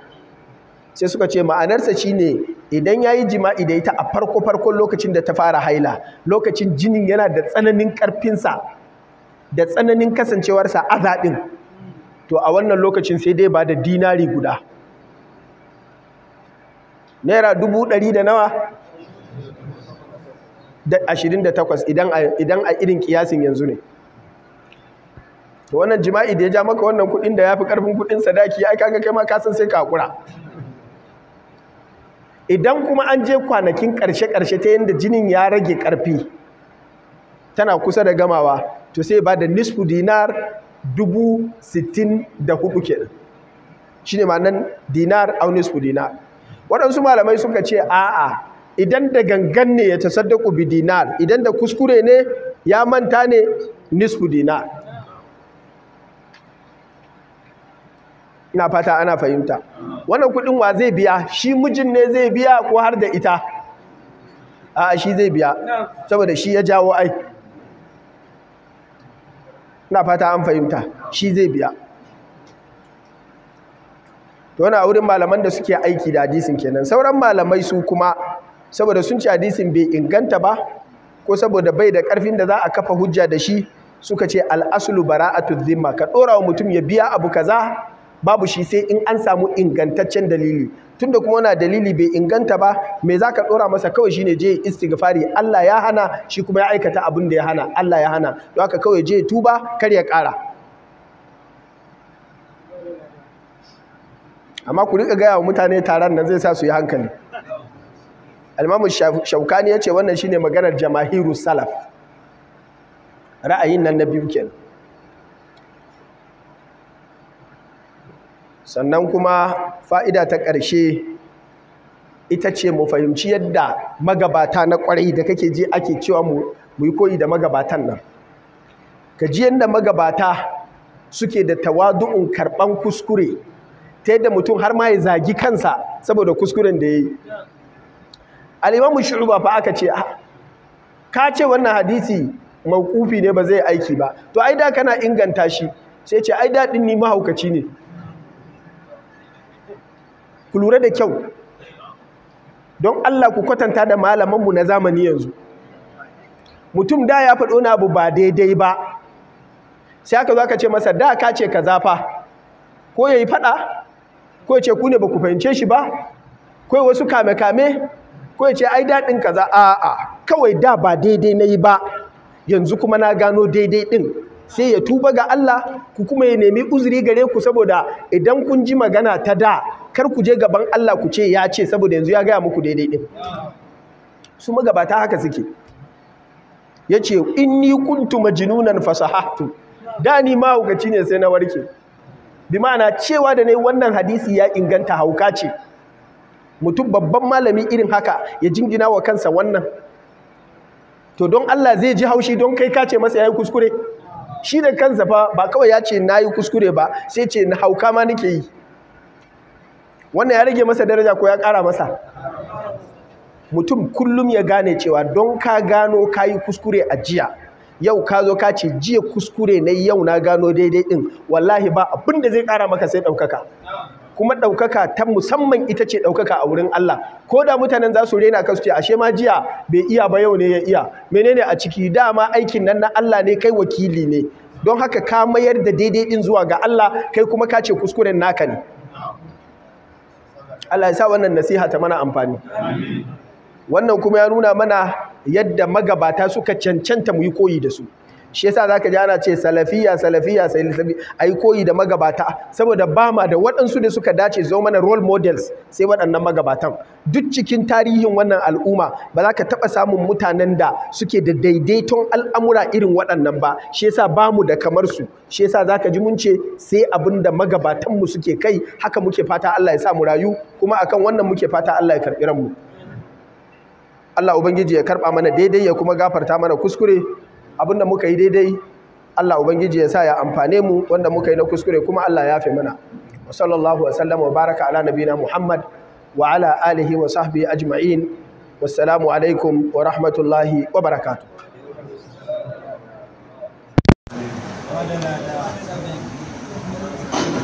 sai suka ce ma'anarsa shine idan yayi jima'i da ita a farko farkon lokacin da ta fara haila lokacin jinin yana da tsananin ƙarfinsa, da tsananin kasancewarsa azabin to a wannan lokacin sai dai ba da dinari guda naira dubu ɗari da nawa da ashirin da takwas idan a irin kiyasin yanzu ne to wannan jima'i da ya ja maka wannan kuɗin da ya fi ƙarfin kuɗin sadaki ya kaga kai ma kasan san sai ka idan kuma an je kwanakin ƙarshe-ƙarshe ta yadda jinin ya rage ƙarfi tana kusa da gamawa to sai ba da nisfu dinar dubu sittin da hudu kenan shine ma'anan dinar aunis ku dinar waɗansu malamai suka ce a'a idan da gangan ne ya tasaddaku bi dinar idan da kuskure ne ya manta ne nisfu dinar ina fata ana fahimta wannan kuɗin wa zai biya shi mijin ne zai biya ko har da ita a'a shi zai biya saboda shi ya jawo ai ina fata an fahimta shi zai biya to wani a wurin malaman da suke aiki da hadisin kenan sauran malamai su kuma saboda sun ci hadisin bai inganta ba ko saboda bai da karfin da za a kafa hujja da shi suka ce al'asulu bara'atu zimma ka dora wa mutum ya biya abu kaza babu shi sai in an samu ingantaccen dalili tunda kuma na dalili bai inganta ba me za ka ɗora masa kawai shi ne je istighfari Allah ya hana shi kuma ya aikata abin da ya hana Allah ya hana don haka kawai je tuba kar ya ƙara amma ku riƙa gaya wa mutane taron nan zai sa su yi hankali almamu shaukani ya ce wannan shi ne maganar jamahiru salaf ra'ayin nan na biyu kenan sannan kuma fa'ida ta ƙarshe ita ce mu fahimci yadda magabata na ƙwarai da kake je ake cewa mu yi koyi da magabatan nan ka ji yadda magabata suke da tawadu'un karɓan kuskure ta yadda mutum har ma ya zagi kansa saboda kuskuren da ya yi alimamu shu'uba fa aka ce ah, ka ce wannan hadisi maƙufi ne ba zai aiki ba to ai da kana inganta shi sai ce ai daɗin ni mahaukaci ne ku lura da kyau don Allah ku kwatanta da malamanmu na zamani yanzu mutum da ya faɗo na abu ba daidai ba sai aka zo aka ce masa da ka ce ka zafa ko ya yi faɗa ko ya ce ku ne ba ku fahimce shi ba ko ya wasu kame-kame ko ya ce ai daɗin kaza a kawai da ba daidai na yi ba yanzu kuma na gano daidai ɗin sai ya tuba ga Allah ku kuma ya nemi uzuri gare ku saboda idan kun ji magana ta da kar ku je gaban Allah ku ce ya ce saboda yanzu ya gaya muku daidai din su magabata haka suke Ya in ni kuntu majinunan fasahatu da ni ma hukaci ne sai na warke bi ma'ana cewa da ne wannan hadisi ya inganta hauka ce mutum babban malami irin haka ya jingina wa kansa wannan to don Allah zai ji haushi don kai ka ce masa yayi kuskure shi da kansa fa ba kawai ya ce na yi kuskure ba sai ce na hauka ma nake yi wannan ya rage masa daraja ko ya ƙara masa mutum kullum ya gane cewa don ka gano ka yi kuskure a jiya yau ka zo ka ce jiya kuskure na yau na gano daidai ɗin wallahi ba abin da zai ƙara maka sai ɗaukaka kuma ɗaukaka ta musamman ita ce ɗaukaka a wurin Allah ko da mutanen za su rena ka su ce ashe ma jiya bai iya ba yau ne ya iya menene a ciki dama aikin nan na Allah ne kai wakili ne don haka ka mayar da daidai din zuwa ga Allah kai kuma ka ce kuskuren naka ne Allah ya sa wannan nasiha ta mana amfani wannan kuma ya nuna mana yadda magabata suka cancanta mu yi koyi da su shi yasa zaka ji ana ce salafiya salafiya A ai koyi da magabata saboda ba ma da waɗansu da suka dace zo mana role models sai waɗannan magabatan duk cikin tarihin wannan al'umma ba za ka taɓa samun mutanen da suke da daidaiton al'amura irin waɗannan ba shi yasa ba mu da kamar su shi yasa zaka ji mun ce sai abin da magabatan mu suke kai haka muke fata Allah ya sa mu rayu kuma akan wannan muke fata Allah ya karɓi ranmu Allah Ubangiji ya karɓa mana daidai ya kuma gafarta mana kuskure abinda muka yi daidai Allah ubangiji ya sa ya amfane mu wanda muka yi na kuskure kuma Allah ya fi mana wa sallallahu wa sallam wa baraka ala nabina Muhammad wa ala alihi wa sahbihi ajma'in wassalamu alaikum wa rahmatullahi wa barakatuh